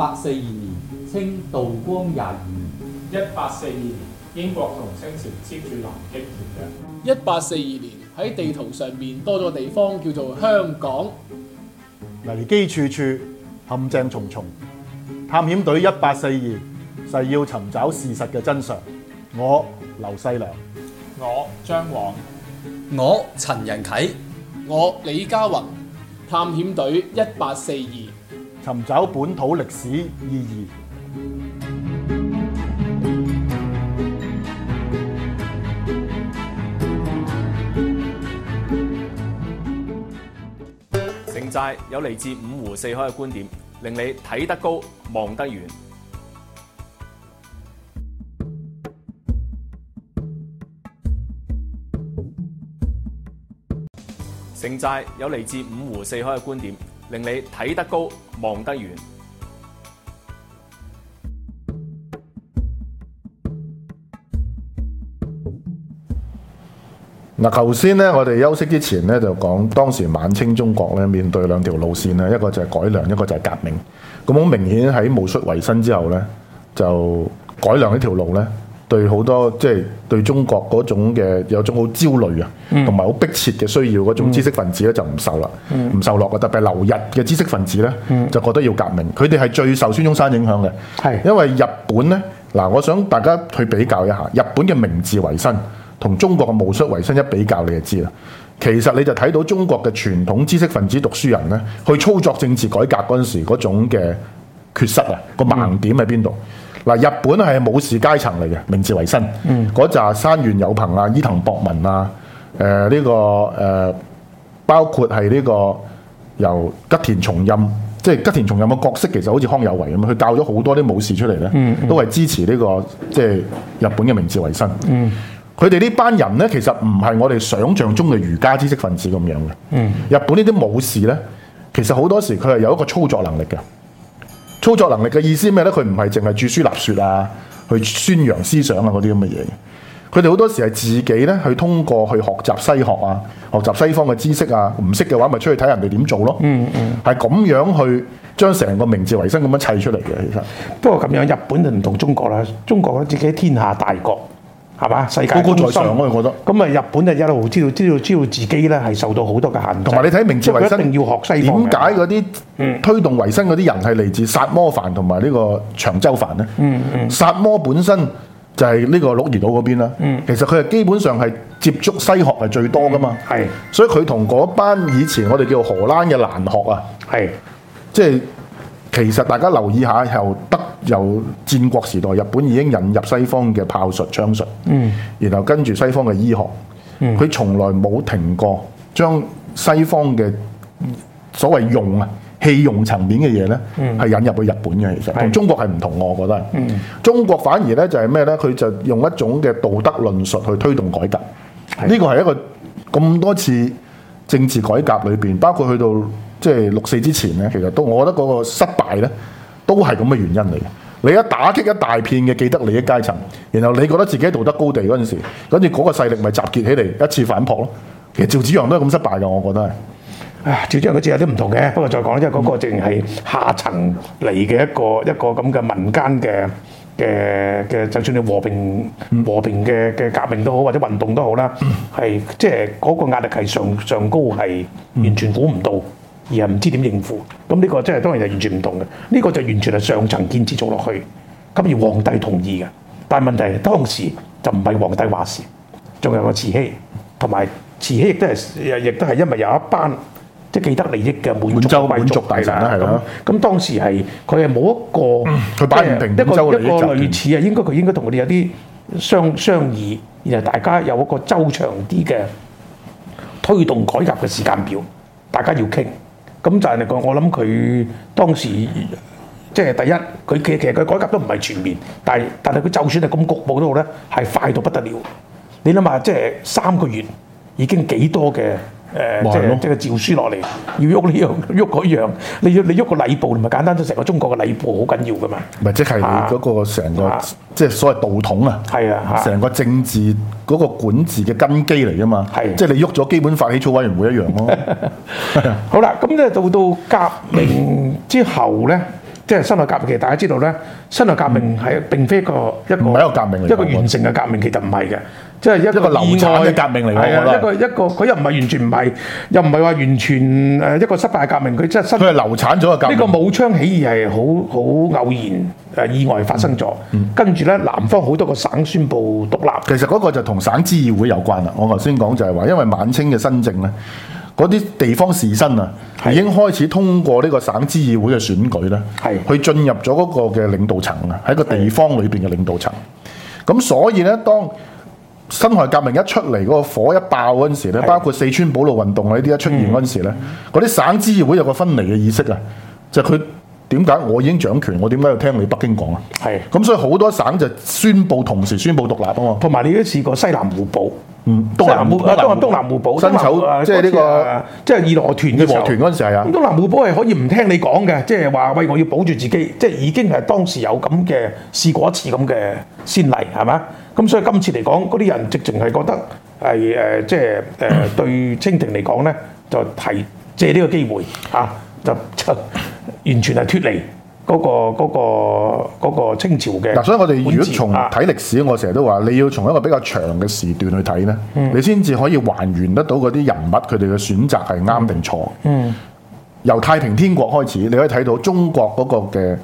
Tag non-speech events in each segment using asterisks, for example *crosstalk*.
一八四二年，清道光廿二年。一八四二年，英國同清朝簽署《南京條約》。一八四二年，喺地圖上面多咗地方叫做香港。危機處處，陷阱重重。探險隊一八四二，誓要尋找事實嘅真相。我劉細良，我張王，我陳仁啟，我李嘉雲。探險隊一八四二。尋找本土歷史意義。城寨有來自五湖四海嘅觀點，令你睇得高，望得遠。城寨有來自五湖四海嘅觀點。令你睇得高，望得遠。嗱，頭先咧，我哋休息之前咧，就講當時晚清中國咧面對兩條路線咧，一個就係改良，一個就係革命。咁好明顯喺戊戌維新之後咧，就改良呢條路咧。對好多即係對中國嗰種嘅有種好焦慮啊，同埋好迫切嘅需要嗰種知識分子咧、嗯、就唔受啦，唔受落啊！特別留日嘅知識分子咧，嗯、就覺得要革命，佢哋係最受孫中山影響嘅，是因為日本咧嗱，我想大家去比較一下日本嘅明治維新同中國嘅戊戌維新一比較，你就知啦。其實你就睇到中國嘅傳統知識分子讀書人咧，去操作政治改革嗰陣時嗰種嘅缺失啊，個、嗯、盲點喺邊度？嗱，日本係武士階層嚟嘅，明治維新，嗰扎、嗯、山縣有朋啊、伊藤博文啊、誒、呃、呢、這個誒、呃，包括係呢、這個由吉田松陰，即、就、係、是、吉田松陰嘅角色，其實好似康有為咁樣，佢教咗好多啲武士出嚟咧，都係支持呢個即係日本嘅明治維新。佢哋呢班人咧，其實唔係我哋想象中嘅儒家知識分子咁樣嘅。嗯、日本呢啲武士咧，其實好多時佢係有一個操作能力嘅。操作能力嘅意思咩咧？佢唔係淨係著書立說啊，去宣揚思想啊嗰啲咁嘅嘢。佢哋好多時係自己咧去通過去學習西學啊，學習西方嘅知識啊，唔識嘅話咪出去睇人哋點做咯。嗯嗯，係咁樣去將成個明治維新咁樣砌出嚟嘅。其實不過咁樣，日本就唔同中國啦。中國自己天下大國。係嘛？世界觀上、啊，我覺得咁啊，日本就一路知道知道知道自己咧，係受到好多嘅限制。同埋你睇明治維新一定要學西方。點解嗰啲推動維新嗰啲人係嚟自薩摩藩同埋呢個長州藩咧、嗯？嗯嗯，薩摩本身就係呢個鹿兒島嗰邊啦。嗯，其實佢係基本上係接觸西學係最多噶嘛。係、嗯，所以佢同嗰班以前我哋叫荷蘭嘅蘭學啊，係的，即係其實大家留意一下由德。由戰國時代，日本已經引入西方嘅炮術、槍術，嗯、然後跟住西方嘅醫學，佢、嗯、從來冇停過將西方嘅所謂用啊、器用層面嘅嘢呢，係、嗯、引入去日本嘅。其實同中國係唔同，我覺得。嗯、中國反而是呢，就係咩呢？佢就用一種嘅道德論述去推動改革。呢個係一個咁多次政治改革裏邊，包括去到即係六四之前呢，其實都我覺得嗰個失敗呢。都係咁嘅原因嚟，你一打擊一大片嘅既得利益階層，然後你覺得自己道德高地嗰陣時，跟住嗰個勢力咪集結起嚟一次反撲咯。其實趙紫陽都係咁失敗嘅，我覺得係。啊，趙紫陽嗰次有啲唔同嘅，不過再講，因為嗰個淨係下層嚟嘅一個一個咁嘅民間嘅嘅嘅，就算你和平、嗯、和平嘅嘅革命都好，或者運動都好啦，係即係嗰個壓力係上上高，係完全估唔到。而係唔知點應付，咁、這、呢個真係當然係完全唔同嘅。呢、這個就完全係上層建設做落去，咁要皇帝同意嘅。但係問題係當時就唔係皇帝話事，仲有個慈禧，同埋慈禧亦都係亦都係因為有一班即係既得利益嘅滿洲滿族大臣啦，係啦。咁當時係佢係冇一個，佢擺唔定滿洲嘅利益、就是一。一個類似啊，應該佢應該同我哋有啲商商議，然後大家有一個周長啲嘅推動改革嘅時間表，大家要傾。咁就係你講，我諗佢當時即係、就是、第一，佢其實佢改革都唔係全面，但係就算係咁局部都好咧，係快到不得了。你諗下，即、就、係、是、三個月已經幾多嘅？誒即係即係個詔書落嚟，要喐呢樣，喐嗰樣，你要你喐個禮部，咪簡單咗成個中國嘅禮部好緊要噶嘛？咪即係你嗰個成個即係所謂道統啊，係啊，成個政治嗰個管治嘅根基嚟噶嘛？係即係你喐咗基本法起草委員會一樣咯。好啦，咁咧到到革命之後咧，即係辛亥革命，其實大家知道咧，辛亥革命係並非個一個唔係一個革命嚟嘅，一個完成嘅革命其實唔係嘅。即係一個流產嘅革命嚟㗎的，一個一個佢又唔係完全唔係，又唔係話完全誒一個失敗革命，佢真係失。佢係流產咗嘅革命。呢個武昌起義係好好偶然誒意外發生咗，跟住咧南方好多個省宣布獨立。嗯嗯、其實嗰個就同省諮議會有關啦。我頭先講就係話，因為晚清嘅新政咧，嗰啲地方士紳啊，的已經開始通過呢個省諮議會嘅選舉咧，係的去進入咗嗰個嘅領導層啊，喺個地方裏邊嘅領導層。咁的所以咧，當辛亥革命一出嚟，嗰、那個火一爆嗰陣時咧，的包括四川保路運動呢啲一出現嗰陣時咧，嗰啲、嗯、省支議會有個分離嘅意識啊！就佢點解我已經掌權，我點解要聽你北京講啊？係的。咁所以好多省就宣布同時宣布獨立啊嘛。同埋你都試過西南互保。嗯。西南互保。東南互保。辛丑，即係呢個，即係義和團嗰陣時係啊。咁東南互保係可以唔聽你講嘅，即係話喂，我要保住自己，即、就、係、是、已經係當時有咁嘅試過一次咁嘅先例，係咪？咁所以今次嚟講，嗰啲人直情係覺得係誒，即係誒對清廷嚟講咧，就提借呢個機會啊就，就完全係脫離嗰個嗰個嗰個清朝嘅。嗱，所以我哋如果從睇歷史，啊、我成日都話，你要從一個比較長嘅時段去睇咧，嗯、你先至可以還原得到嗰啲人物佢哋嘅選擇係啱定錯。嗯。嗯由太平天國開始，你可以睇到中國嗰個嘅。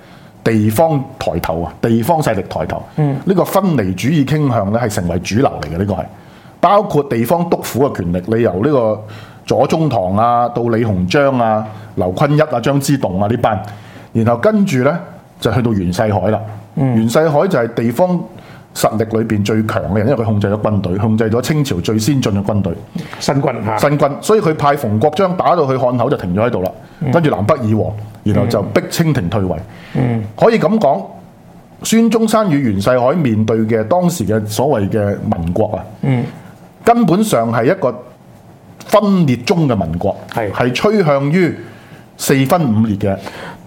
地方抬頭啊，地方勢力抬頭，呢、嗯、個分離主義傾向咧係成為主流嚟嘅，呢個係包括地方督府嘅權力，你由呢個左宗棠啊，到李鴻章啊、劉坤一啊、張之洞啊呢班，然後跟住咧就去到袁世凱啦，嗯、袁世凱就係地方。實力裏邊最強嘅人，因為佢控制咗軍隊，控制咗清朝最先進嘅軍隊。新軍嚇，新軍，所以佢派馮國璋打到去漢口就停咗喺度啦。跟住、嗯、南北議和，然後就逼清廷退位。嗯，可以咁講，孫中山與袁世凱面對嘅當時嘅所謂嘅民國啊，嗯，根本上係一個分裂中嘅民國，係係趨向於四分五裂嘅。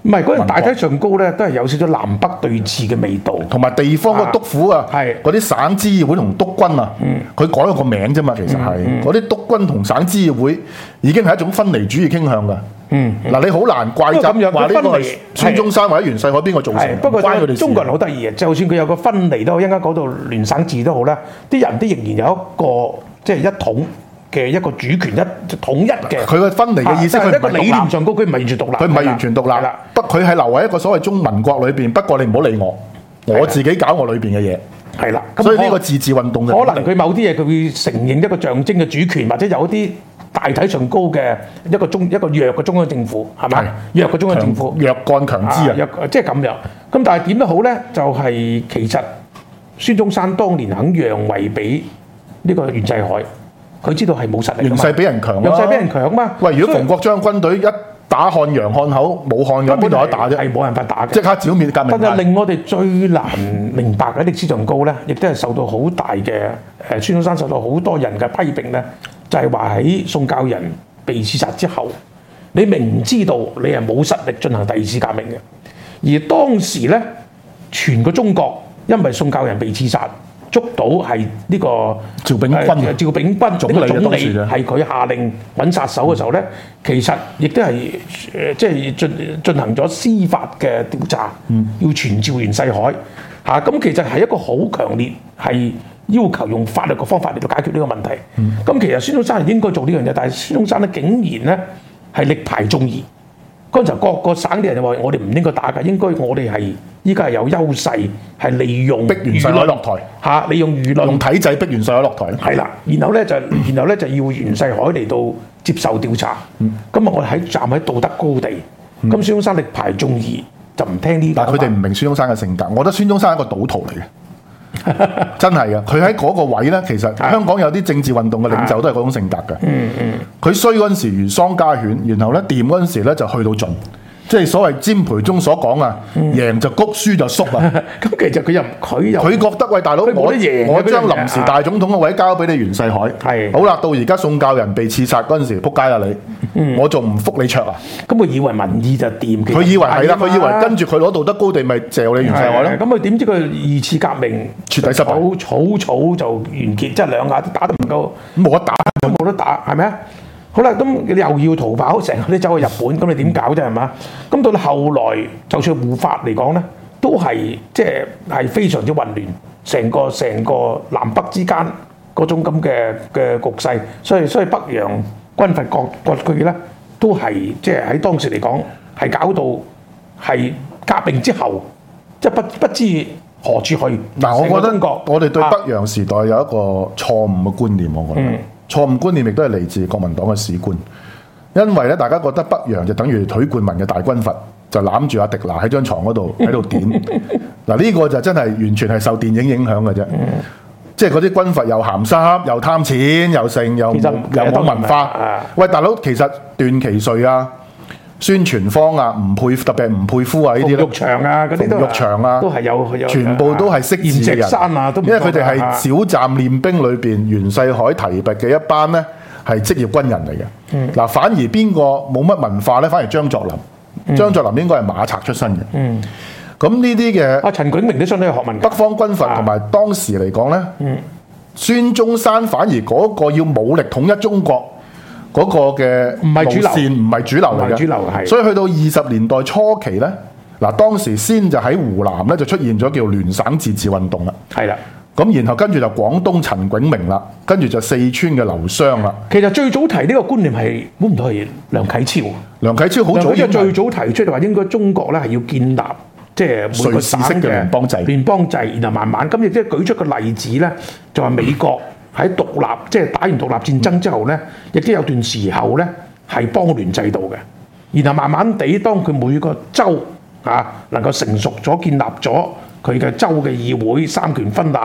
唔係嗰個大體上高呢都係有少少南北對峙嘅味道，同埋地方個督府啊，嗰啲、啊、省支議會同督軍啊，佢、嗯、改咗一個名啫嘛，其實係嗰啲督軍同省支議會已經係一種分離主義傾向噶。嗱、嗯，嗯、你好難怪責話呢個是孫中山是或者袁世凱邊個造成的，不過不關的中國人好得意啊，就算佢有個分離都好，一間嗰度聯省治都好咧，啲人都仍然有一個即係一統。嘅一個主權一統一嘅，佢嘅分離嘅意思，佢唔係獨立。佢一個理念上高，佢唔係完全獨立。係啦，不佢係留喺一個所謂中民國裏邊，的不過你唔好理我，的我自己搞我裏邊嘅嘢。係啦的，所以呢個自治運動就可能佢某啲嘢佢會承認一個象徵嘅主權，或者有啲大體上高嘅一個中一個弱嘅中央政府係咪？的弱嘅中央政府弱，弱幹強枝啊，即係咁樣。咁但係點都好咧，就係、是、其實孫中山當年肯讓位俾呢個袁世凱。佢知道係冇實力的，形勢比人強，啊，形勢比人強嘛。喂，如果馮國璋軍隊一打漢陽、漢口、武漢咁，邊度得打啫？係冇辦法打的，即刻剿滅革命黨。但是令我哋最難明白嘅 *laughs* 歷史上高呢，亦都係受到好大嘅誒孫中山受到好多人嘅批評呢，就係話喺宋教仁被刺殺之後，你明知道你係冇實力進行第二次革命嘅，而當時呢，全個中國因為宋教仁被刺殺。捉到係呢、這個趙秉鈞，係趙秉鈞，總理總理係佢下令揾殺手嘅時候咧，其實亦都係即係進進行咗司法嘅調查，要傳召袁世凱嚇。咁其實係一個好強烈，係要求用法律嘅方法嚟到解決呢個問題。咁、嗯、其實孫中山係應該做呢樣嘢，但係孫中山咧竟然咧係力排眾議。嗰陣時各個省嘅人就話：我哋唔應該打㗎，應該我哋係依家係有優勢，係利用輿論逼袁世凱落台嚇、啊，利用輿論用體制逼袁世凱落台。係啦，然後咧就，嗯、然後咧就要袁世凱嚟到接受調查。咁啊、嗯，那我哋喺站喺道德高地。咁、嗯、孫中山力排眾議，嗯、就唔聽呢、呢個。但係佢哋唔明孫中山嘅性格，我覺得孫中山係一個賭徒嚟嘅。 *laughs* 真係㗎，佢喺嗰個位咧，其實香港有啲政治運動嘅領袖都係嗰種性格嘅。嗯嗯，佢衰嗰陣時如喪家犬，然後咧掂嗰陣時咧就去到盡。即係所謂詹培忠所講啊，贏就谷，輸就縮啊。咁、嗯、 *laughs* 其實佢又佢又佢覺得喂，大佬我我將臨時大總統嘅位交俾你袁世凱。係、啊、的好啦，到而家宋教仁被刺殺嗰陣時候，撲街啦你，嗯、我仲唔復你卓啊？咁佢、嗯、以為民意就掂，佢以為係啦，佢以為跟住佢攞道德高地咪借你袁世凱咧？咁佢點知佢二次革命徹底失敗，就草草就完結，即係兩下都打得唔夠，冇得打冇得打，係咩？好啦，咁你又要逃跑，成日你走去日本，咁你點搞啫？係嘛？咁到到後來，就算護法嚟講咧，都係即係係非常之混亂，成個成個南北之間嗰種咁嘅嘅局勢，所以所以北洋軍閥各各區咧，都係即係喺當時嚟講係搞到係革命之後，即係不不知何處去。嗱、嗯，我覺得我哋對北洋時代有一個錯誤嘅觀念，我覺得。嗯錯誤觀念亦都係嚟自國民黨嘅史觀，因為咧大家覺得北洋就等於許冠文嘅大軍閥，就攬住阿狄娜喺張床嗰度喺度點，嗱呢 *laughs* 個就真係完全係受電影影響嘅啫， *laughs* 即係嗰啲軍閥又鹹濕又貪錢又剩又又冇文化，啊、喂大佬其實段祺瑞啊。宣傳方啊，不配吳佩特別係吳佩孚啊，些呢啲啲。玉祥啊，啲都。玉祥啊，都係有，有全部都係識字嘅人。閻錫山啊，都因為佢哋係小站練兵裏邊袁世凱提拔嘅一班咧，係職業軍人嚟嘅。嗯。嗱，反而邊個冇乜文化咧？反而張作霖。嗯、張作霖應該係馬賊出身嘅。嗯。咁呢啲嘅，阿陳炯明都相當有學問。北方軍閥同埋當時嚟講咧，嗯，孫中山反而嗰個要武力統一中國，嗰個嘅路線唔係主流，唔係主流嚟嘅，所以去到二十年代初期咧，嗱當時先就喺湖南咧就出現咗叫聯省自治運動啦，係啦的，咁然後跟住就廣東陳炯明啦，跟住就四川嘅劉湘啦。其實最早提呢個觀念係估唔到係梁啟超，梁啟超好早即係最早提出就話應該中國咧係要建立即係每個省嘅聯邦制，聯邦制，然後慢慢咁亦即係舉出個例子咧，就係美國。喺獨立即係、就是、打完獨立戰爭之後呢，亦都有段時候呢係邦聯制度嘅，然後慢慢地當佢每個州啊能夠成熟咗、建立咗。佢嘅州嘅議會三權分立，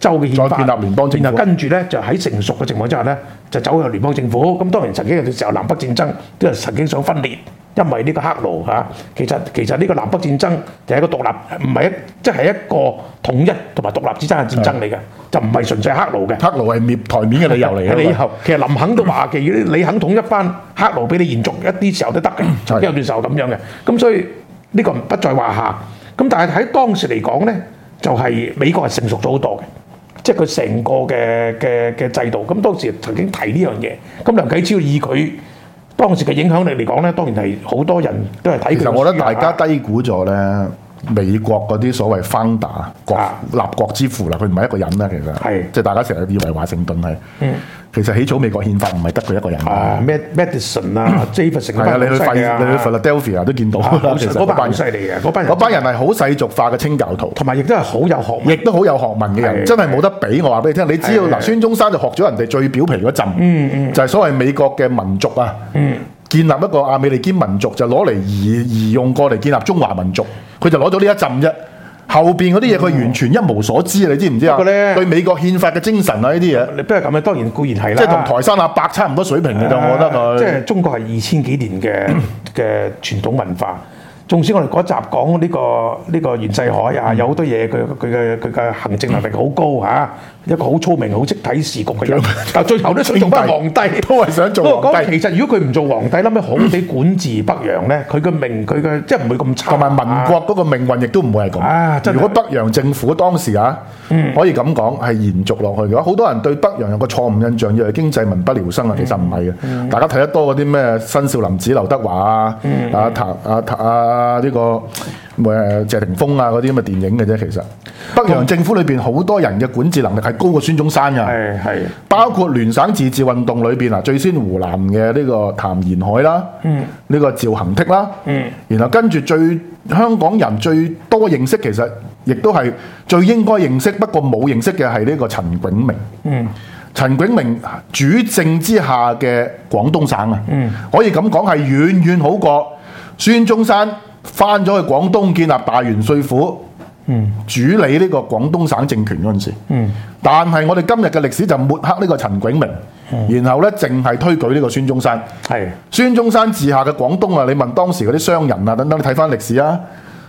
州嘅憲法，再建立聯邦政府，跟住咧就喺成熟嘅情況之下咧，就走向聯邦政府。咁當然曾經有啲時候南北戰爭，都係曾經想分裂，因為呢個黑奴嚇。其實其實呢個南北戰爭就係一個獨立，唔係一，即係一個統一同埋獨立之間嘅戰爭嚟嘅，就唔係純粹黑奴嘅。黑奴係台面嘅理由嚟嘅。其實林肯都話嘅，你肯統一翻黑奴俾你延續一啲時候都得嘅，有段時候咁樣嘅。咁所以呢個不在話下。咁但係喺當時嚟講咧，就係美國係成熟咗好多嘅，即係佢成個嘅嘅嘅制度。咁當時曾經提呢樣嘢，咁梁啟超以佢當時嘅影響力嚟講咧，當然係好多人都係睇佢。其實我覺得大家低估咗咧。美國嗰啲所謂 founder 立國之父啦，佢唔係一個人啦，其實，即係大家成日以為華盛頓係，其實起草美國憲法唔係得佢一個人。啊 Madison 啊，Jefferson 你去你去 Philadelphia 都見到，嗰班人犀利啊，班班人係好世俗化嘅清教徒，同埋亦都好有學，亦都好有學問嘅人，真係冇得比。我話俾你聽，你只要嗱，孫中山就學咗人哋最表皮嗰陣，嗯嗯，就係所謂美國嘅民族啊。建立一個亞美利堅民族就攞嚟移移用過嚟建立中華民族，佢就攞到呢一浸啫。後邊嗰啲嘢佢完全一無所知啊！嗯、你知唔知啊？咧、嗯，對美國憲法嘅精神啊，呢啲嘢，你不如咁樣，當然固然係啦。即係同台山阿伯差唔多水平嘅，啊、就我覺得佢。即係中國係二千幾年嘅嘅、嗯、傳統文化，縱使我哋嗰集講呢、呢個呢、呢個袁世凱啊，嗯、有好多嘢佢佢嘅佢嘅行政能力好高嚇。一個好聰明、好識睇事局嘅樣， *laughs* 但最後都想做翻皇帝，都係想做皇帝。其實如果佢唔做皇帝，諗咩好地管治北洋咧？佢嘅、嗯、命，佢嘅即係唔會咁差、啊。同埋民國嗰個命運亦都唔會係咁。啊！如果北洋政府當時啊，嗯、可以咁講係延續落去嘅話，好多人對北洋有個錯誤印象，以為經濟民不聊生啊，其實唔係嘅。嗯、大家睇得多嗰啲咩新少林寺、劉德華嗯嗯啊、阿、啊、譚、阿阿呢個。誒，謝霆鋒啊，嗰啲咁嘅電影嘅啫，其實北洋政府裏邊好多人嘅管治能力係高過孫中山噶，係係包括聯省自治運動裏邊啊，最先湖南嘅呢個譚延闓啦，嗯，呢個趙恆惕啦，嗯，然後跟住最香港人最多認識，其實亦都係最應該認識，不過冇認識嘅係呢個陳炯明，嗯，陳炯明主政之下嘅廣東省啊，嗯，可以咁講係遠遠好過孫中山。翻咗去了廣東建立大元帥府，嗯，主理呢個廣東省政權嗰陣時，嗯，但係我哋今日嘅歷史就抹黑呢個陳炯明，嗯，然後咧淨係推舉呢個孫中山，係的，孫中山治下嘅廣東啊，你問當時嗰啲商人啊等等，你睇翻歷史啊，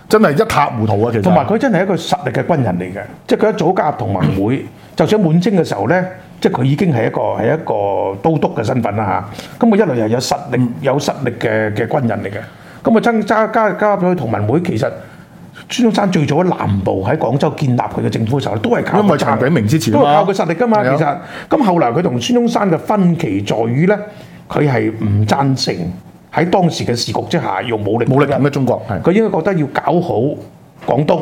真係一塌糊塗啊，其實，同埋佢真係一個實力嘅軍人嚟嘅，即係佢一早加入同盟會， *coughs* 就算滿清嘅時候咧，即係佢已經係一個係一個都督嘅身份啦嚇，咁、啊、佢一嚟又有實力有實力嘅嘅軍人嚟嘅。咁啊，增加加加咗同盟會，其實孫中山最早喺南部喺廣州建立佢嘅政府嘅時候，都係靠佢陳炯明都係靠佢實力㗎嘛。其實，咁後嚟佢同孫中山嘅分歧在於呢，佢係唔贊成喺當時嘅時局之下用武力武力統一中國，佢應該覺得要搞好廣東。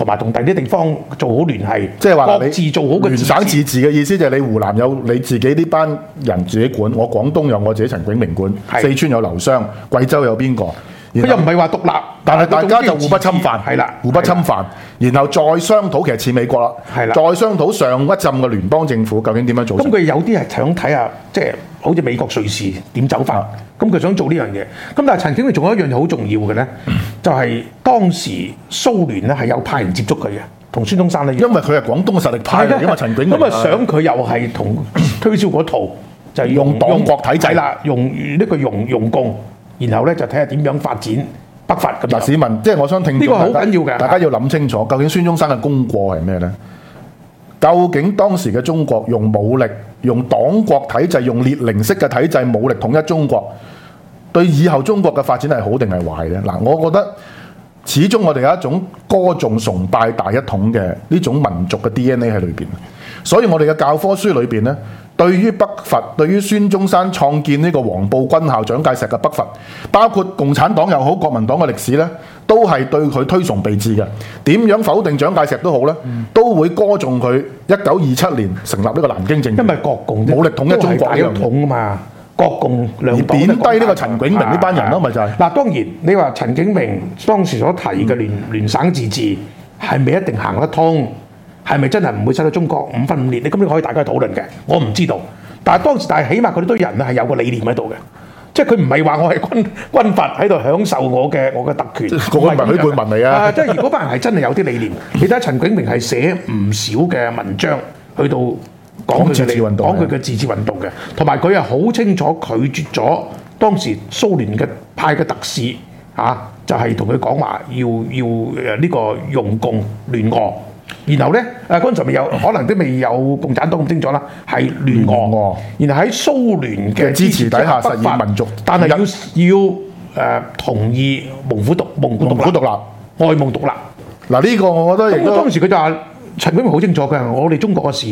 同埋同第啲地方做好聯繫，即係話你自做好個聯省自治。自治嘅意思就係你湖南有你自己呢班人自己管，我廣東有我自己陳炯明管，是的 四川有劉湘，貴州有邊個？佢又唔係話獨立，但係大家就互不侵犯，係啦，互不侵犯，然後再商討，其實似美國啦，係啦，再商討上一陣嘅聯邦政府究竟點樣做？咁佢有啲係想睇下，即係好似美國瑞士點走法？咁佢想做呢樣嘢。咁但係陳炯明佢仲有一樣嘢好重要嘅咧，就係當時蘇聯咧係有派人接觸佢嘅，同孫中山咧，因為佢係廣東嘅實力派啦，因為陳炯明咁啊想佢又係同推銷嗰套就係用黨國體制啦，用呢個用用共。然後咧就睇下點樣發展北伐咁。嗱那，后市民，即係我想聽住，呢個好緊要嘅，大家要諗清楚，究竟孫中山嘅功過係咩呢？究竟當時嘅中國用武力、用黨國體制、用列寧式嘅體制武力統一中國，對以後中國嘅發展係好定係壞呢？嗱，我覺得始終我哋有一種歌頌崇拜大一統嘅呢種民族嘅 DNA 喺裏面。所以我哋嘅教科書裏面呢。對於北伐，對於孫中山創建呢個黃埔軍校、蔣介石嘅北伐，包括共產黨又好、國民黨嘅歷史呢，都係對佢推崇備至嘅。點樣否定蔣介石都好呢，都會歌頌佢一九二七年成立呢個南京政府，因為國共武力統一中國而統啊嘛。國共兩黨貶低呢個陳炯明呢班人咯，咪就係。嗱，當然你話陳炯明當時所提嘅聯、嗯、聯省自治係咪一定行得通？係咪真係唔會拆到中國五分五裂？你今日可以大家討論嘅，我唔知道。但係當時，但係起碼嗰啲人咧係有個理念喺度嘅，即係佢唔係話我係軍軍法喺度享受我嘅我嘅特權。國民文，許半民嚟啊！即係如果班人係真係有啲理念， *laughs* 你睇下陳景明係寫唔少嘅文章去到講佢嘅講佢嘅自治運動嘅，同埋佢係好清楚拒絕咗當時蘇聯嘅派嘅特使嚇、啊，就係同佢講話要要誒呢個用共聯俄。然後咧，啊嗰陣未有可能都未有共產黨咁清楚啦，係聯俄，嗯哦、然後喺蘇聯嘅支持底下實現民族，法但係要一要誒、呃、同意蒙古獨蒙古獨立，外蒙獨立。嗱呢個我覺得，咁當時佢就陳炯明好清楚，佢係我哋中國嘅事，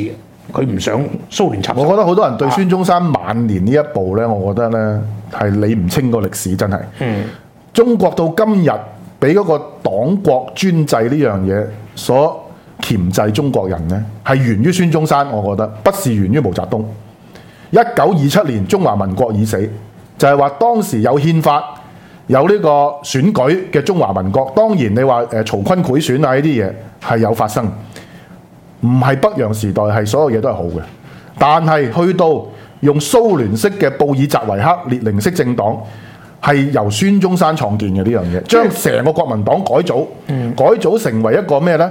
佢唔想蘇聯插手。我覺得好多人對孫中山晚年呢一步咧，啊、我覺得咧係理唔清個歷史真係。嗯，中國到今日俾嗰個黨國專制呢樣嘢所。鉗制中國人呢，係源於孫中山，我覺得不是源於毛澤東。一九二七年，中華民國已死，就係、是、話當時有憲法、有呢個選舉嘅中華民國。當然你話誒曹錕賄選啊呢啲嘢係有發生，唔係北洋時代係所有嘢都係好嘅。但係去到用蘇聯式嘅布爾什維克、列寧式政黨，係由孫中山創建嘅呢樣嘢，將成個國民黨改組，嗯、改組成為一個咩呢？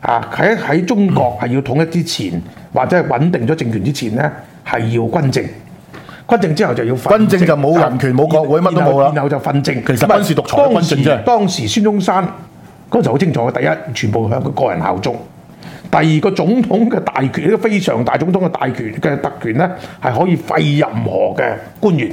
啊！喺喺中國係要統一之前，或者係穩定咗政權之前咧，係要軍政。軍政之後就要訓政。軍政就冇人權冇但國會乜后都冇啦。然後就訓政。其實軍事獨裁軍政啫。當時孫中山嗰陣時好清楚嘅，第一全部向佢個人效忠；第二個總統嘅大權，呢個非常大總統嘅大權嘅特權咧，係可以廢任何嘅官員。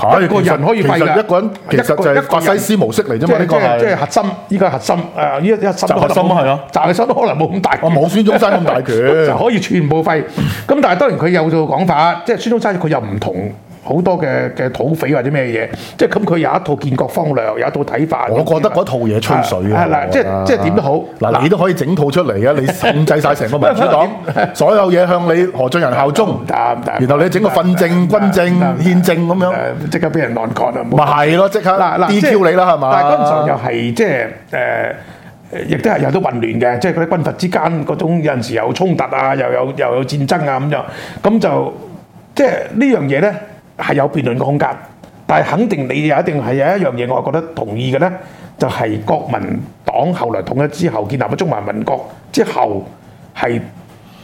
嚇，一個人可以廢其，實一，個其實一個人，其實就係、是、一個法西斯模式嚟啫嘛，呢個係即係核心，依家核心，誒，依核心。集核心係啊，集核心，核心都可能冇咁大，冇孫中山咁大權。啊、大權 *laughs* 可以全部廢，咁 *laughs* 但係當然佢有個講法，即係孫中山佢又唔同。好多嘅嘅土匪或者咩嘢，即係咁佢有一套建國方略，有一套睇法。我覺得嗰套嘢吹水啊！係啦，即係即係點都好嗱，你都可以整套出嚟啊！你控制晒成個民主黨，所有嘢向你何俊仁效忠，然後你整個訓政、軍政、憲政咁樣，即刻俾人攔曬啦！咪係咯，即刻啦！DQ 你啦係嘛？但係嗰陣又係即係誒，亦都係有啲混亂嘅，即係嗰啲軍閥之間嗰種有陣時有衝突啊，又有又有戰爭啊咁樣，咁就即係呢樣嘢咧。係有辯論嘅空間，但係肯定你一定係有一樣嘢，我覺得同意嘅呢，就係國民黨後來統一之後建立咗中華民國之後係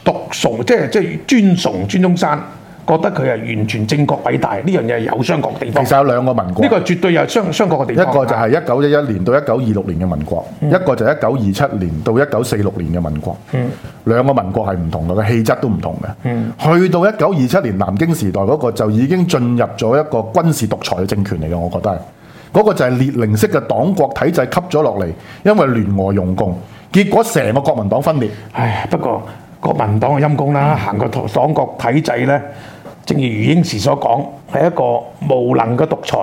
獨崇，即係尊崇孫中山，覺得佢係完全正確偉大，呢樣嘢係有商榷嘅地方，其實有兩個民國，呢個絕對有商，商榷嘅地方。一個就係一九一一年到一九二六年嘅民國，一個就係一九二七年到一九四六年嘅民國。兩個民國係唔同嘅，氣質都唔同嘅。去到一九二七年南京時代嗰個就已經進入咗一個軍事獨裁嘅政權嚟嘅，我覺得係嗰個就係列寧式嘅黨國體制吸咗落嚟，因為聯俄容共，結果成個國民黨分裂。唉，不過國民黨嘅陰功啦，行個黨國體制咧。正如余英時所講，係一個無能嘅獨裁。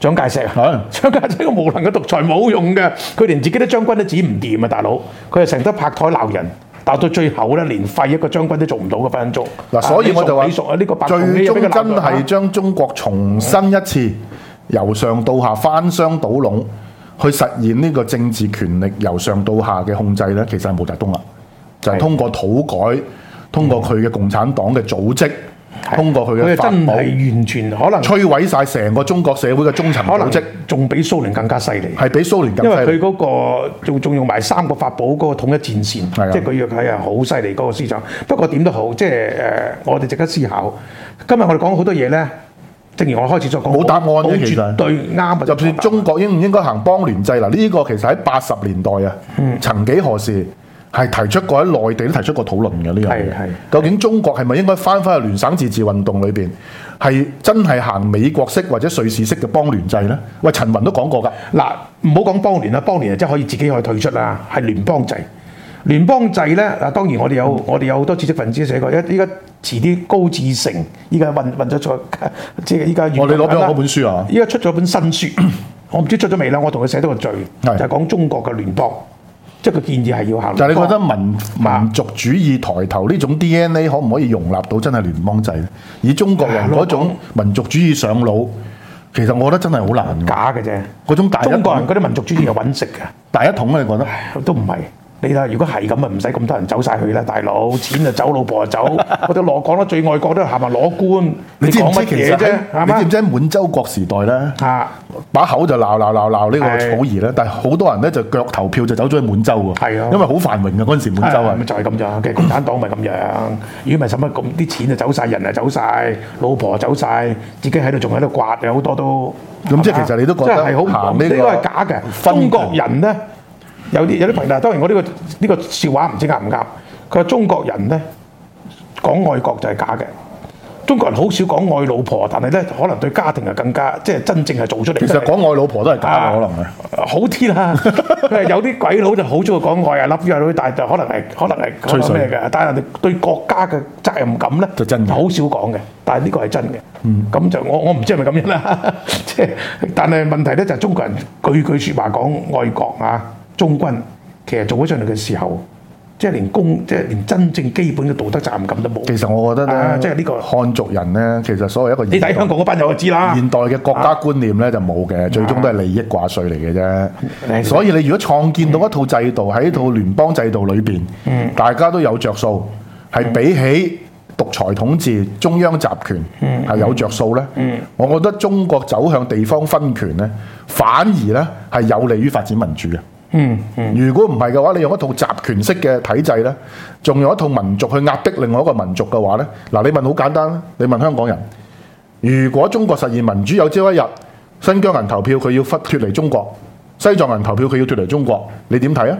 蔣介石，蔣的介石個一個無能嘅獨裁冇用嘅，佢連自己都將軍都指唔掂啊！大佬，佢係成日拍台鬧人，鬧到最後咧，連廢一個將軍都做唔到嘅分足。嗱、啊，所以我就話，最終真係將中國重新一次、嗯、由上到下翻箱倒籠，去實現呢個政治權力由上到下嘅控制咧，其實係毛澤東啦、啊，就係、是、通過土改，通過佢嘅共產黨嘅組織。嗯通過佢嘅法寶，係，佢真係完全可能摧毀晒成個中國社會嘅中層組織，可能仲比蘇聯更加犀利，係比蘇聯更加犀利。因為佢嗰個仲仲用埋三個法寶嗰個統一戰線，即係佢要若係好犀利嗰個思想。不過點都好，即係誒，我哋值得思考。今日我哋講好多嘢咧，正如我開始所講，冇答案咧，好，其實絕對啱。就算中國應唔應該行邦聯制嗱，呢個其實喺八十年代啊，嗯，曾幾何時，係提出過喺內地都提出過討論嘅呢樣嘢，究竟中國係咪應該翻返去聯省自治運動裏邊，係真係行美國式或者瑞士式嘅邦聯制咧？喂，陳雲都講過㗎。嗱，唔好講邦聯啦，邦聯啊即係可以自己可以退出啦，係聯邦制。聯邦制咧，啊當然我哋有、嗯、我哋有好多知識分子寫過，依依家遲啲高智成，依家運運咗在即係依家。我、哦、你攞翻嗰本書啊？依家出咗本新書，我唔知出咗未啦。我同佢寫咗個序，是就係講中國嘅聯邦。即個建議係要行，但係你覺得民族主義抬頭呢種 DNA 可唔可以容納到真係聯邦制呢？以中國人嗰種民族主義上腦，其實我覺得真係好難。假嘅啫，嗰種中國人嗰啲民族主義有搵食㗎，大一統、啊、你覺得、哎、都唔係。你睇，如果係咁啊，唔使咁多人走晒去啦，大佬，錢就走，老婆就走。我哋攞講啦，最愛國都係咪攞官，你知講乜嘢啫？你知唔知滿洲國時代咧？啊，把口就鬧鬧鬧鬧呢個草兒咧，但係好多人咧就腳投票就走咗去滿洲喎。啊，因為好繁榮嘅嗰陣時滿洲啊，咪就係咁樣嘅。共產黨咪咁樣，如果咪使乜咁啲錢就走晒，人啊走晒，老婆走晒，自己喺度仲喺度刮，有好多都。咁即係其實你都覺得，好呢個假嘅中國人咧。有啲有啲朋友，當然我呢、呢個呢、呢個笑話唔知啱唔啱。佢話中國人咧講愛國就係假嘅，中國人好少講愛老婆，但係咧可能對家庭係更加即係真正係做出嚟。其實講愛老婆都係假嘅，可能係好啲啦。有啲鬼佬就好中意講愛啊、love you 啊，但係可能係可能係講咩嘅，但係對國家嘅責任感咧，就真好少講嘅。但係呢個係真嘅。咁、嗯、就我我唔知係咪咁樣啦。即 *laughs* 係但係問題咧就係、係、中國人句句説話講愛國啊。中軍其實做咗上嚟嘅時候，即係連公，即係連真正基本嘅道德責任感都冇。其實我覺得咧、啊，即係呢、這個漢族人咧，其實所謂一個你睇香港嗰班我就知啦。現代嘅國家觀念咧、啊、就冇嘅，最終都係利益掛帥嚟嘅啫。啊啊、所以你如果創建到一套制度喺呢、嗯、套聯邦制度裏邊，嗯、大家都有着數，係、嗯、比起獨裁統治、中央集權係有着數咧。嗯，嗯我覺得中國走向地方分權咧，反而咧係有利於發展民主嘅。嗯，如果唔係嘅話，你用一套集權式嘅體制呢，仲用一套民族去壓迫另外一個民族嘅話呢。嗱，你問好簡單，你問香港人，如果中國實現民主有朝一日，新疆人投票佢要忽脫離中國，西藏人投票佢要脫離中國，你點睇啊？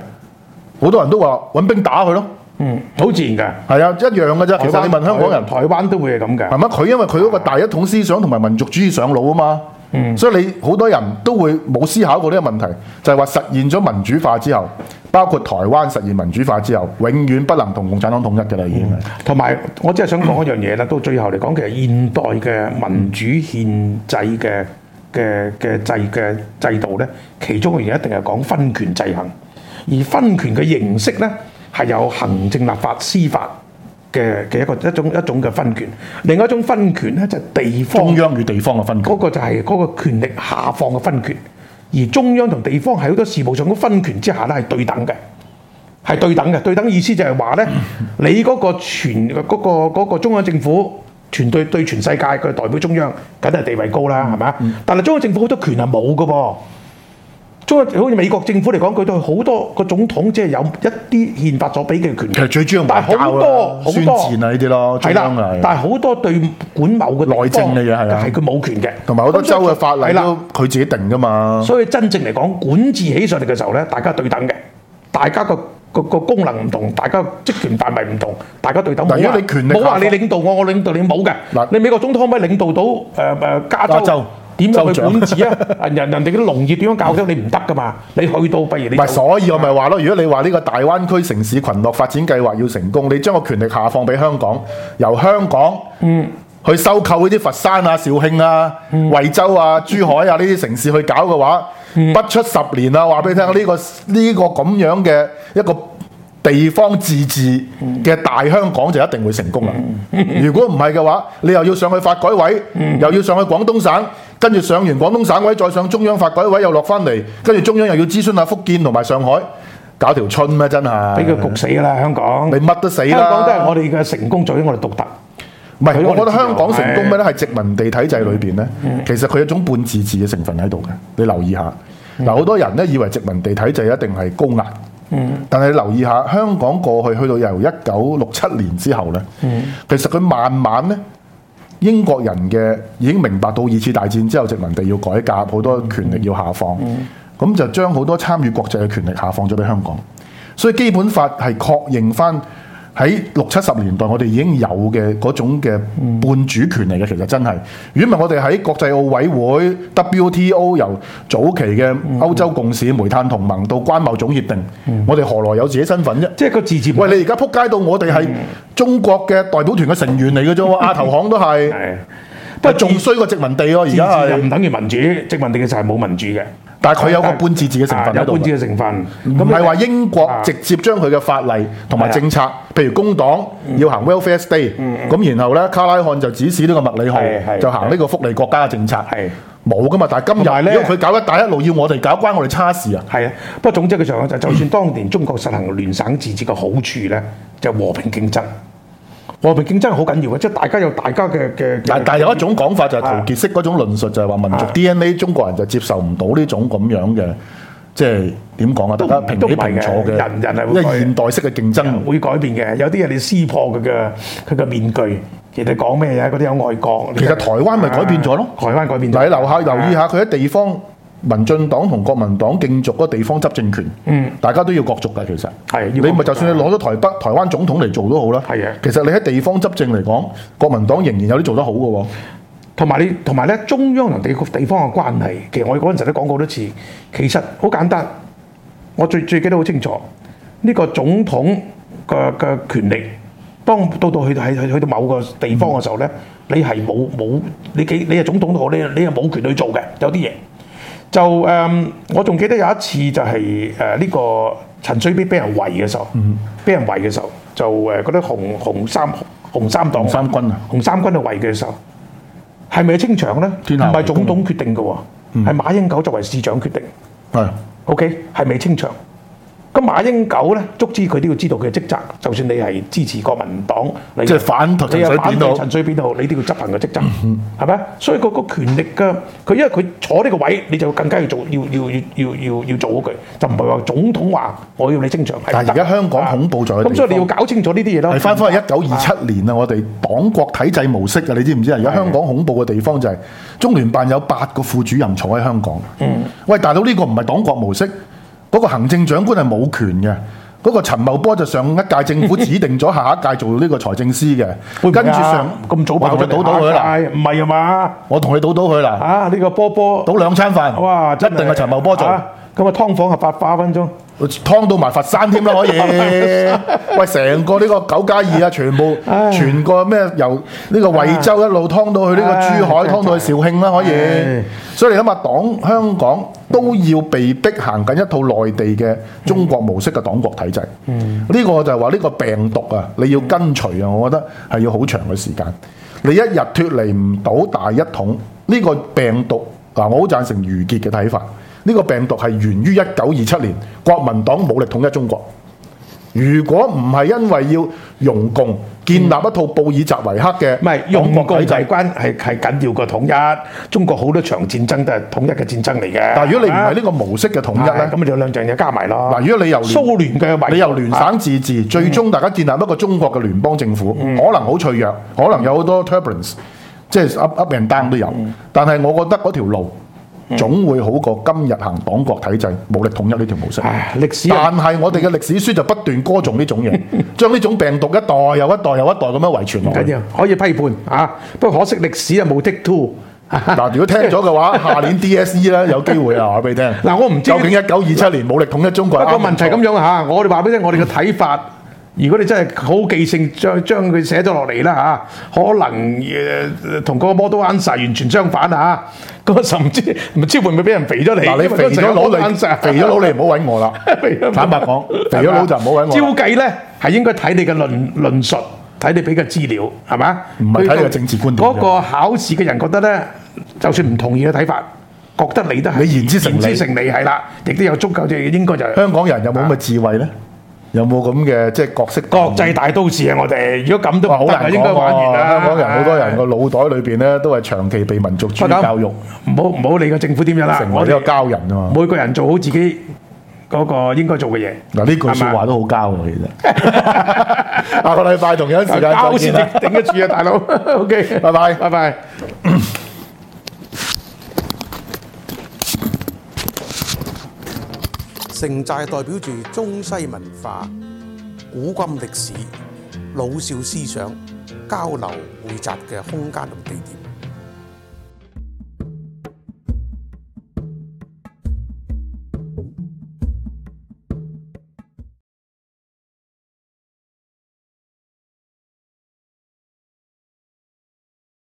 好多人都話揾兵打佢咯，嗯，好自然嘅，係啊，一樣嘅啫。想其實你問香港人，台灣都會係咁嘅。係咪？佢因為佢嗰個大一統思想同埋民族主義上腦啊嘛。嗯、所以你好多人都會冇思考過呢個問題，就係、是、話實現咗民主化之後，包括台灣實現民主化之後，永遠不能同共產黨統一嘅啦。已經同埋我只係想講一樣嘢啦。嗯、到最後嚟講，其實現代嘅民主憲制嘅制，制度呢，其中嘅嘢一定係講分權制衡，而分權嘅形式呢，係有行政、立法、司法。嘅嘅一個一種一種嘅分權，另外一種分權咧就係、地方中央與地方嘅分權，嗰個就係嗰個權力下放嘅分權，而中央同地方喺好多事務上嘅分權之下咧係對等嘅，係對等嘅。對等意思就係話咧， *laughs* 你嗰個全嗰、嗰個嗰個中央政府，全對對全世界佢代表中央，梗係地位高啦，係咪？ *laughs* 但係中央政府好多權係冇嘅噃。中好似美國政府嚟講，佢對好多個總統即係有一啲憲法所俾嘅權力。是但係好多宣傳嘅呢啲咯，係啦。但係好多對管某個內政嘅嘢係啦，係佢冇權嘅。同埋好多州嘅法例都佢自己定㗎嘛，所，所以真正嚟講，管治起上嚟嘅時候咧，大家對等嘅。大家個功能唔同，大家嘅職權範圍唔同，大家對等。冇話你你領導我，我領導你冇嘅。冇嘅，嗱你美國總統可唔可以領導到誒誒、呃呃、加州？點就管治啊？人人哋啲農業點樣教？得你唔得噶嘛？你去到，不如你不所以我咪話咯。如果你話呢個大灣區城市群落發展計劃要成功，你將個權力下放俾香港，由香港嗯去收購嗰啲佛山啊、肇慶啊、惠州啊、珠海啊呢啲城市去搞嘅話，不出十年啊。話俾你聽，呢個呢個咁樣嘅一個地方自治嘅大香港就一定會成功啦。如果唔係嘅話，你又要上去發改委，又要上去廣東省，跟住上完廣東省委，再上中央發改委，又落翻嚟。跟住中央又要諮詢下福建同埋上海，搞條春咩，啊？真係俾佢焗死啦！香港，你乜都死啦！香港都係我哋嘅成功在於我哋獨特。唔係是，我，我覺得香港成功咩咧？係殖民地體制裏面咧，其實佢有一種半自治嘅成分喺度嘅。你留意下嗱，好的多人咧以為殖民地體制一定係高壓，嗯的，但係你留意下香港過去去到由一九六七年之後咧，嗯的，其實佢慢慢咧。英國人嘅已經明白到二次大戰之後，殖民地要改革，好多權力要下放，咁就將好多參與國際嘅權力下放咗畀香港，所以基本法係確認返。喺六七十年代，我哋已經有嘅嗰種嘅半主權嚟嘅，其實真係。如果唔係我哋喺國際奧委會、WTO 由早期嘅歐洲共事、嗯、煤炭同盟到關貿總協定，嗯、我哋何來有自己身份啫？即係個自治。喂，你而家撲街到我哋係中國嘅代表團嘅成員嚟嘅啫喎，亞投行都係，不過仲衰過殖民地喎。而家係唔等於民主，殖民地嘅就係冇民主嘅。但係佢有個半自治嘅成分喺度，啊，有半自治嘅成分，唔係話英國直接將佢嘅法例同埋政策，啊、譬如工黨要行 Welfare State 咁然後呢，卡拉漢就指使呢個麥理浩就行呢個福利國家嘅政策，冇㗎嘛。但係今日咧，佢搞一帶一路要我哋搞，關我哋差事啊？不過總之嘅情況就就算當年中國實行聯省自治嘅好處咧，就和平競爭。和平競爭好緊要嘅，即係大家有大家嘅嘅。但係但係有一種講法就係陶傑式嗰種論述，就係話民族 DNA 中國人就接受唔到呢種咁樣嘅，即係點講啊？大家平起平坐嘅，因為現代式嘅競爭會改變嘅，有啲人你撕破佢嘅佢嘅面具，其實講咩嘢？嗰啲有外國，其實台灣咪改變咗咯？台灣改變咗，你留下留意下佢啲地方。民進黨同國民黨競逐嗰個地方執政權，嗯、大家都要角逐㗎。其實，你咪就算你攞咗台北、台灣總統嚟做都好啦。係呀。其實你喺地方執政嚟講，國民黨仍然有啲做得好嘅。同埋你同埋咧中央同地地方嘅關係，其實我哋嗰陣時都講過好多次。其實好簡單，我最最記得好清楚，呢個總統嘅嘅權力，當到到去到去到某個地方嘅時候咧、嗯，你係冇冇你幾你係總統都好，你你係冇權去做嘅，有啲嘢。就、um, 我仲記得有一次就係誒呢個陳水扁被人圍嘅時候，嗯、mm，hmm. 被人圍嘅時候，就誒嗰啲紅紅三紅三黨，紅三軍啊，紅三軍去圍嘅時候，係咪清場咧？唔係總統決定嘅喎，係、mm hmm. 馬英九作為市長決定，係、mm hmm.，OK 係咪清場？馬英九咧，足之佢都要知道佢嘅職責。就算你係支持國民黨，你又反，反對陳水扁度，你都要執行嘅職責，係咪、嗯哼？所以個個權力嘅，佢、嗯、哼因為佢坐呢個位置，你就更加要做，要要要要要要做好佢就唔係話總統話我要你清場。但係而家香港恐怖咗。咁、啊、所以你要搞清楚呢啲嘢啦。你翻翻去一九二七年啊！嗯、哼我哋黨國體制模式嘅，你知唔知啊？而家香港恐怖嘅地方就係、是、中聯辦有八個副主任坐喺香港。嗯，喂，大佬呢個唔係黨國模式。嗰個行政長官係冇權嘅，嗰、嗰個陳茂波就上一屆政府指定咗下一屆做呢個財政司嘅。會會啊、跟住上咁早我就賭到佢啦，唔係嘛？我同你賭到佢啦，啊呢、呢個波波賭兩餐飯，哇，一定係陳茂波做。啊。咁啊，劏房啊，八百分鐘，劏到埋佛山添啦，可以。喂，成個呢個九加二啊，全部全個咩由呢個惠州一路劏到去呢個珠海，劏到去肇慶啦，可以。所以你諗下，黨香港都要被逼行緊一套內地嘅中國模式嘅黨國體制。嗯，呢個就係話呢個病毒啊，你要跟隨啊，我覺得係要好長嘅時間。你一日脫離唔到大一統，呢個病毒嗱，我好贊成余杰嘅睇法。呢個病毒係源於一九二七年國民黨武力統一中國。如果唔係因為要容共建立一套布爾什維克嘅，唔係、嗯嗯、用國際關係係係緊要過統一中國，好多場戰爭都係統一嘅戰爭嚟嘅。但係如果你唔係呢個模式嘅統一咧，咁啊就有兩樣嘢加埋咯。嗱，如果你由聯蘇聯嘅你由聯省自治，嗯、最終大家建立一個中國嘅聯邦政府，嗯、可能好脆弱，可能有好多 turbulence 即係 up up and down 都有。嗯嗯、但係我覺得嗰條路。總會好過今日行黨國體制武力統一呢條模式，史但係我哋嘅歷史書就不斷歌頌呢種嘢， *laughs* 將呢種病毒一代又一代又一代咁樣遺傳落去。可以批判，不過可惜歷史啊冇 take two。嗱，如果聽咗嘅話， *laughs* 下年 DSE 呢有機會呀。我俾你聽。我唔知究竟一九二七年武力統一中國。不過問題咁樣嚇，我哋話畀你聽，我哋嘅睇法。嗯如果你真係好記性將，將將佢寫咗落嚟啦嚇，可能誒同、呃、個 model answer 完全相反啊嚇，甚至唔知，知會唔會俾人肥咗你，啊？你肥咗攞 answer，你肥咗佬你唔好揾我啦。 *laughs* 坦白講，肥咗佬就唔好揾我。照吧計咧係應該睇你嘅論論述，睇你俾嘅資料係嘛？唔係睇你嘅政治觀點。嗰個考試嘅人覺得咧，就算唔同意嘅睇法，覺得你都係言之成理，之成理係啦，亦都有足夠嘅應該就香港人有冇咁嘅智慧咧？有冇咁嘅即係角色？國際大都市啊，我哋如果咁都好難應該玩完啦。香港人好多人個腦袋裏邊咧都係長期被民族主義教育，唔好唔好理個政府點樣啦。成為呢個膠人啊嘛，每個人做好自己嗰個應該做嘅嘢。嗱呢、啊、句説話吧都好膠喎，其實。下個 *laughs* *laughs* 禮拜同樣時間交錢頂得住啊，大佬。OK，拜拜，拜拜。城寨代表住中西文化、古今歷史、老少思想交流匯集嘅空間和地點。